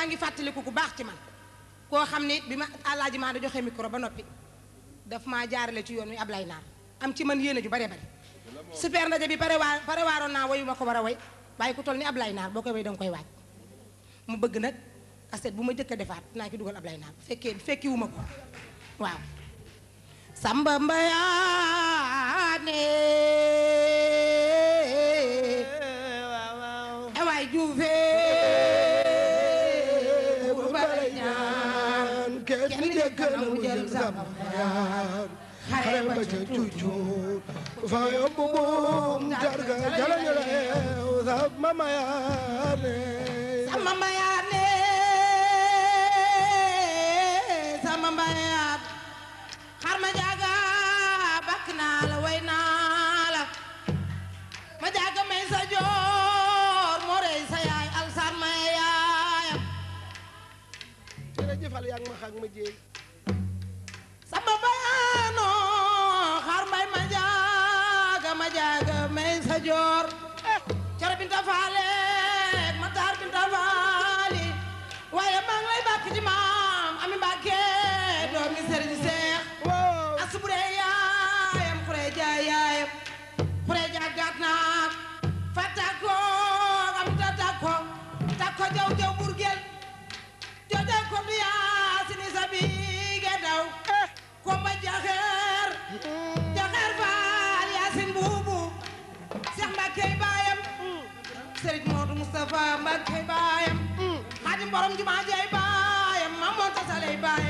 maa ngi fàttaliku ku baax ci man koo xam ne bi ma àllaaji maa da joxe micro ba noppi daf maa jaarale ci yoon wi lay Naar am ci man yéene ju bare bare super ndaje bi pare waa pare waaroon naa woyu ma ko war a way waaye ku toll ni Ablaye Naar boo koy way danga koy waaj mu bëgg nag aset bu ma jëkk a defaat naa ki dugal Ablaye Naar bu fekkee fekkiwu ma ko waaw samba mbayaane yaar xale ba ca cuucuut fa yóbbu moom jarga jala jala eew sa mama yaar ne been the vale. Bye.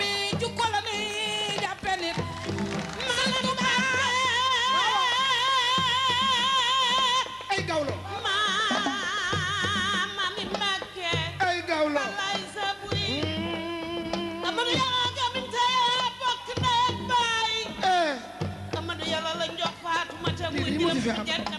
Güzel.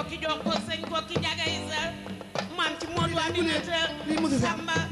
kokki jox ko sëñ kokki sa maam ci mool wa mi nata samba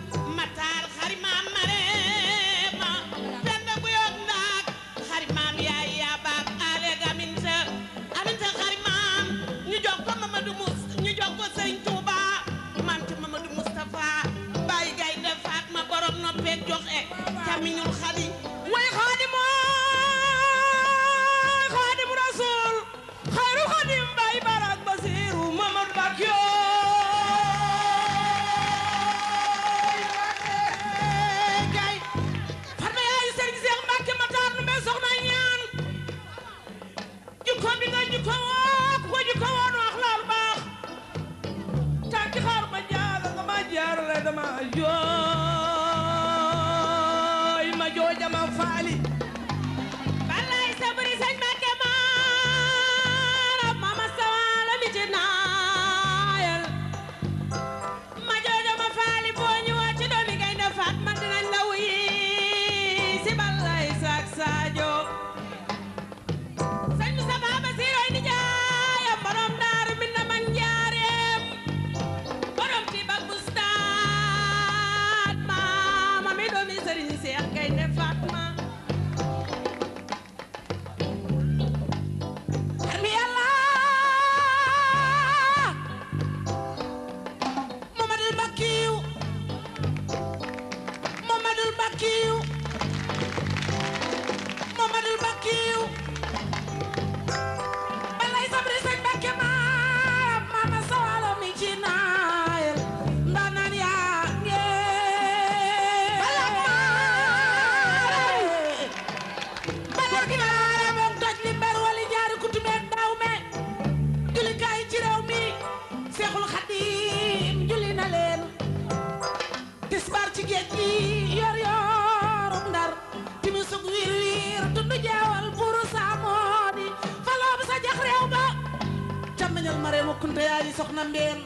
mare mo kunte ya di sokna mbem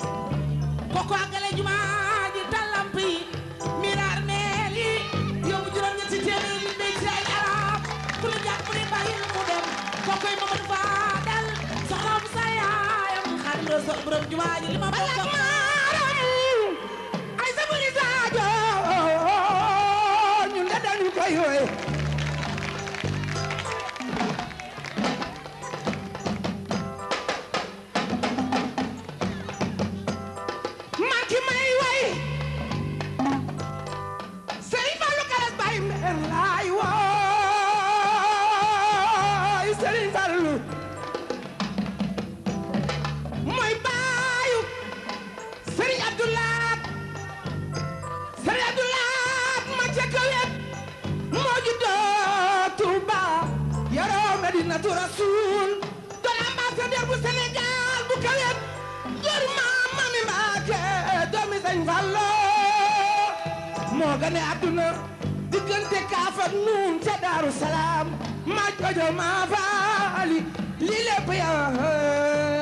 koko agale àggale jumaa ji mirar meli yo mu yóbbu juróom ci téeméer yi be ci ay arab ku la japp ni bayil mu dem koko kokoy fa dal sokna mu saya yaayam xarim la sox borom juma ji lima ma bokk ay sa mu ni saajo ñun da dañu koy wooy Rasoul doon ambassadeur bu Sénégal bu kawet jur maam mami Mbacké doomi Sëñ Fallu moo gane àdduna diggante Kaaf ak Nuun ca Daaru Salaam ma jojo ma faali li lépp yaa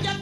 Elijah